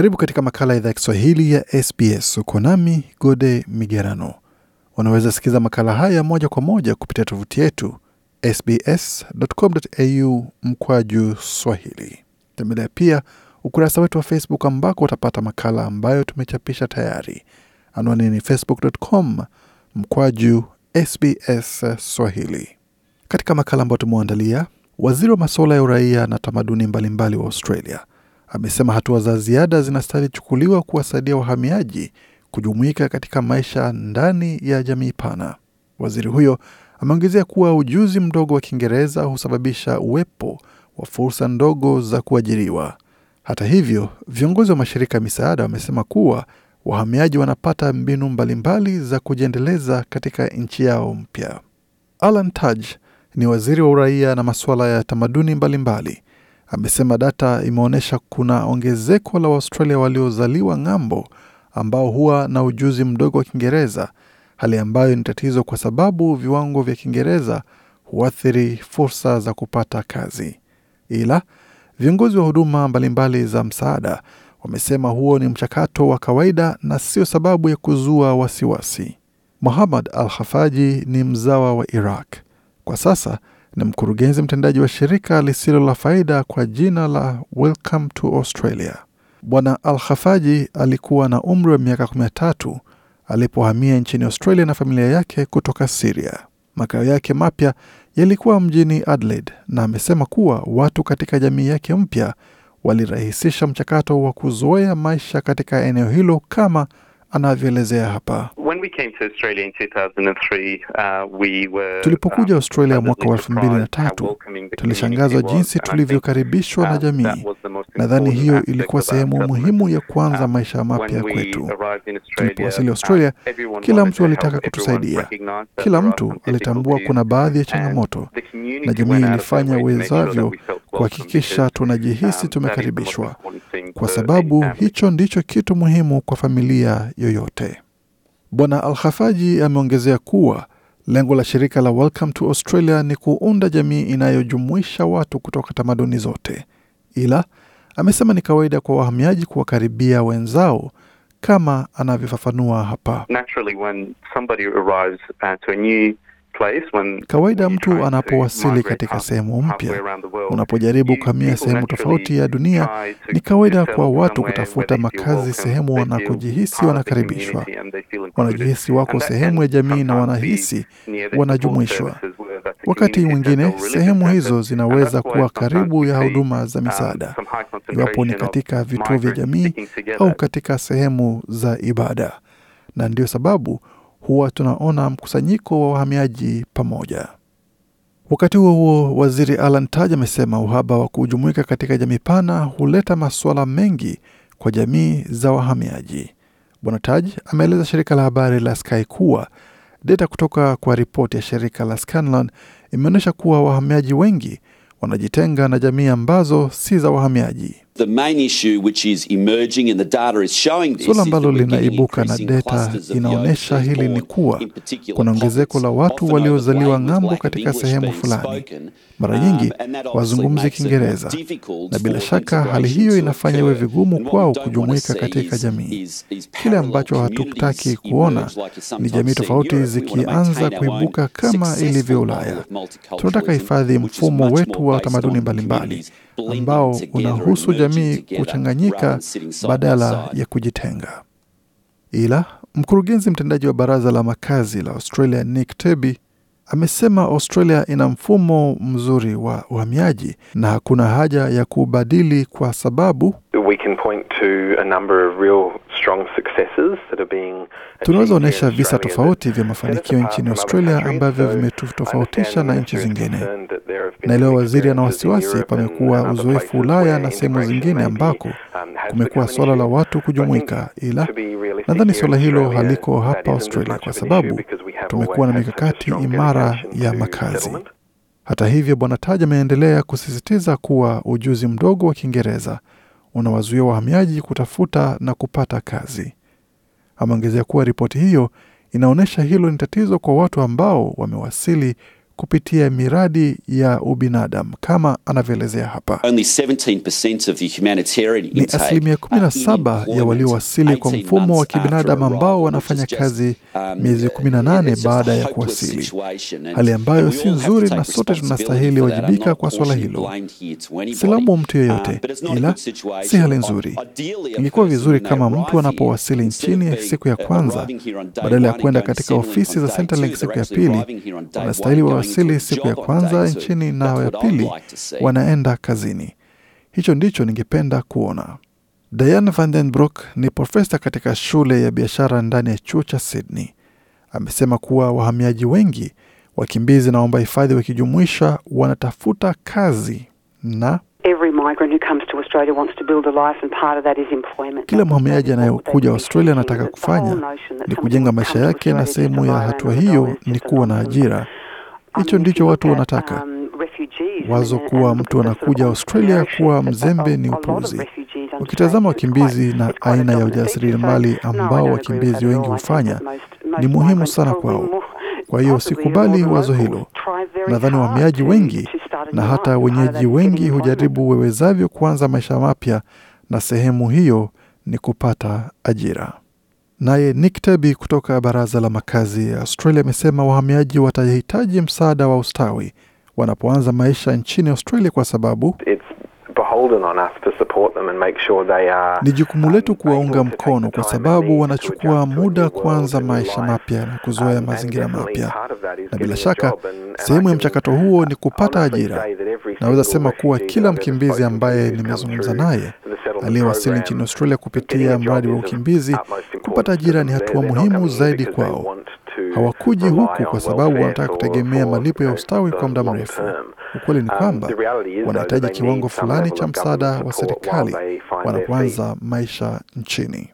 Karibu katika makala ya idhaa ya Kiswahili ya SBS. Uko nami Gode Migerano. Unaweza sikiza makala haya moja kwa moja kupitia tovuti yetu sbs.com.au mkwaju swahili. Tembelea pia ukurasa wetu wa Facebook ambako utapata makala ambayo tumechapisha tayari. Anwani ni facebook.com mkwaju sbs swahili. Katika makala ambayo tumeuandalia waziri wa masuala ya uraia na tamaduni mbalimbali wa Australia amesema hatua za ziada zinastahili chukuliwa kuwasaidia wahamiaji kujumuika katika maisha ndani ya jamii pana. Waziri huyo ameongezea kuwa ujuzi mdogo wa Kiingereza husababisha uwepo wa fursa ndogo za kuajiriwa. Hata hivyo, viongozi wa mashirika ya misaada wamesema kuwa wahamiaji wanapata mbinu mbalimbali mbali za kujiendeleza katika nchi yao mpya. Alan Tudge ni waziri wa uraia na masuala ya tamaduni mbalimbali mbali amesema data imeonyesha kuna ongezeko la Waustralia waliozaliwa ng'ambo ambao huwa na ujuzi mdogo wa Kiingereza, hali ambayo ni tatizo kwa sababu viwango vya Kiingereza huathiri fursa za kupata kazi. Ila viongozi wa huduma mbalimbali za msaada wamesema huo ni mchakato wa kawaida na sio sababu ya kuzua wasiwasi. Muhammad Al Hafaji ni mzawa wa Iraq. Kwa sasa ni mkurugenzi mtendaji wa shirika lisilo la faida kwa jina la Welcome to Australia. Bwana Al-Khafaji alikuwa na umri wa miaka 13 alipohamia nchini Australia na familia yake kutoka siria Makao yake mapya yalikuwa mjini Adelaide na amesema kuwa watu katika jamii yake mpya walirahisisha mchakato wa kuzoea maisha katika eneo hilo kama anavyoelezea hapa. Uh, Tulipokuja um, Australia mwaka wa elfu mbili na tatu tulishangazwa jinsi tulivyokaribishwa na um, jamii. Nadhani hiyo ilikuwa sehemu muhimu ya uh, kuanza maisha mapya kwetu. Tulipowasili Australia, uh, kila mtu alitaka kutusaidia. Kila mtu alitambua kuna baadhi ya changamoto, na jamii ilifanya wezavyo kuhakikisha tunajihisi um, tumekaribishwa, kwa uh, sababu um, hicho ndicho kitu muhimu kwa familia yoyote. Bwana Alhafaji ameongezea kuwa lengo la shirika la Welcome to Australia ni kuunda jamii inayojumuisha watu kutoka tamaduni zote, ila amesema ni kawaida kwa wahamiaji kuwakaribia wenzao kama anavyofafanua hapa. Naturally when somebody arrives uh, to a new Kawaida mtu anapowasili katika sehemu mpya, unapojaribu kuhamia sehemu tofauti ya dunia, ni kawaida kwa watu kutafuta makazi sehemu wanakojihisi wanakaribishwa, wanajihisi wako sehemu ya jamii na wanahisi wanajumuishwa. Wakati mwingine sehemu hizo zinaweza kuwa karibu ya huduma za um, misaada, iwapo ni katika vituo vya jamii au katika sehemu za ibada, na ndiyo sababu huwa tunaona mkusanyiko wa wahamiaji pamoja. Wakati huo huo, waziri Alan Taj amesema uhaba wa kujumuika katika jamii pana huleta masuala mengi kwa jamii za wahamiaji. Bwana taj ameeleza shirika la habari la Sky kuwa data kutoka kwa ripoti ya shirika la Scanlon imeonyesha kuwa wahamiaji wengi wanajitenga na jamii ambazo si za wahamiaji. Suala ambalo linaibuka na data inaonyesha hili ni kuwa kuna ongezeko la watu waliozaliwa ng'ambo katika sehemu fulani, mara um, nyingi wazungumzi Kiingereza, na bila shaka hali hiyo inafanya iwe vigumu kwao kujumuika katika jamii. Kile ambacho hatutaki kuona ni jamii tofauti zikianza kuibuka kama ilivyo Ulaya. Tunataka hifadhi mfumo wetu wa tamaduni mbalimbali ambao unahusu jamii jamii kuchanganyika badala ya kujitenga. Ila mkurugenzi mtendaji wa baraza la makazi la Australia Nick teby amesema Australia ina mfumo mzuri wa uhamiaji na hakuna haja ya kubadili kwa sababu tunaweza onyesha visa tofauti vya mafanikio nchini Australia ambavyo vimetutofautisha na nchi zingine na waziri ana wasiwasi pamekuwa uzoefu Ulaya na sehemu zingine ambako kumekuwa swala la watu kujumuika, ila nadhani swala hilo haliko hapa Australia kwa sababu tumekuwa na mikakati imara ya makazi. Hata hivyo, Bwana Taj ameendelea kusisitiza kuwa ujuzi mdogo wa Kiingereza unawazuia wahamiaji kutafuta na kupata kazi. Ameongezea kuwa ripoti hiyo inaonyesha hilo ni tatizo kwa watu ambao wamewasili kupitia miradi ya ubinadamu kama anavyoelezea hapa. Ni asilimia 17 ya waliowasili kwa mfumo wa kibinadamu ambao wanafanya kazi um, miezi 18 baada ya kuwasili, hali ambayo si nzuri, na sote tunastahili wajibika kwa swala hilo. Silamu mtu uh, yoyote ila si hali nzuri. Uh, Ingekuwa vizuri kama mtu anapowasili nchini siku ya uh, kwanza, badala ya kuenda katika ofisi za Centrelink siku ya pili, wanastahili wa wanawasili siku ya kwanza nchini na ya pili wanaenda kazini. Hicho ndicho ningependa kuona. Diane Van ni profesa katika shule ya biashara ndani ya chuo cha Sydney. Amesema kuwa wahamiaji wengi, wakimbizi na waomba hifadhi wakijumuisha, wanatafuta kazi na kila mhamiaji anayekuja Australia anataka kufanya ni kujenga maisha yake, na sehemu ya hatua hiyo ni kuwa na ajira. Hicho um, ndicho watu wanataka. Um, wazo kuwa um, mtu anakuja Australia kuwa mzembe ni upuuzi. Wakitazama wakimbizi na aina ya ujasiriamali ambao wakimbizi wengi hufanya, ni muhimu sana kwao. Kwa hiyo sikubali wazo hilo. Nadhani wahamiaji wengi na hata wenyeji wengi hujaribu wewezavyo kuanza maisha mapya, na sehemu hiyo ni kupata ajira. Naye Nick teby kutoka baraza la makazi ya Australia amesema wahamiaji watahitaji msaada wa ustawi wanapoanza maisha nchini Australia kwa sababu ni jukumu um, letu kuwaunga mkono kwa sababu wanachukua muda kuanza maisha mapya na kuzoea um, mazingira mapya, na bila shaka uh, sehemu ya mchakato huo ni kupata ajira. Naweza sema kuwa kila mkimbizi ambaye nimezungumza naye aliyewasili nchini Australia kupitia mradi wa ukimbizi kupata ajira ni hatua muhimu zaidi kwao. Hawakuji huku kwa sababu wanataka kutegemea malipo ya ustawi kwa muda mrefu. Ukweli ni um, kwamba wanahitaji kiwango fulani cha msaada wa serikali wanapoanza maisha nchini.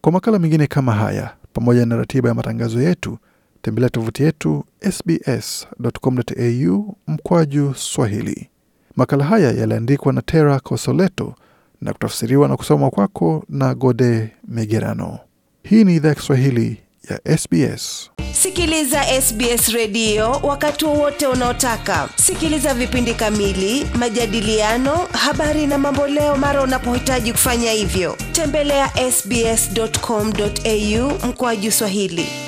Kwa makala mengine kama haya, pamoja na ratiba ya matangazo yetu, tembelea tovuti yetu sbs.com.au mkwaju Swahili. Makala haya yaliandikwa na Tera Kosoleto na kutafsiriwa na kusoma kwako na Gode Migerano. Hii ni idhaa ya Kiswahili ya SBS. Sikiliza SBS redio wakati wowote unaotaka. Sikiliza vipindi kamili, majadiliano, habari na mambo leo mara unapohitaji kufanya hivyo. Tembelea ya sbs.com.au mkoaju Swahili.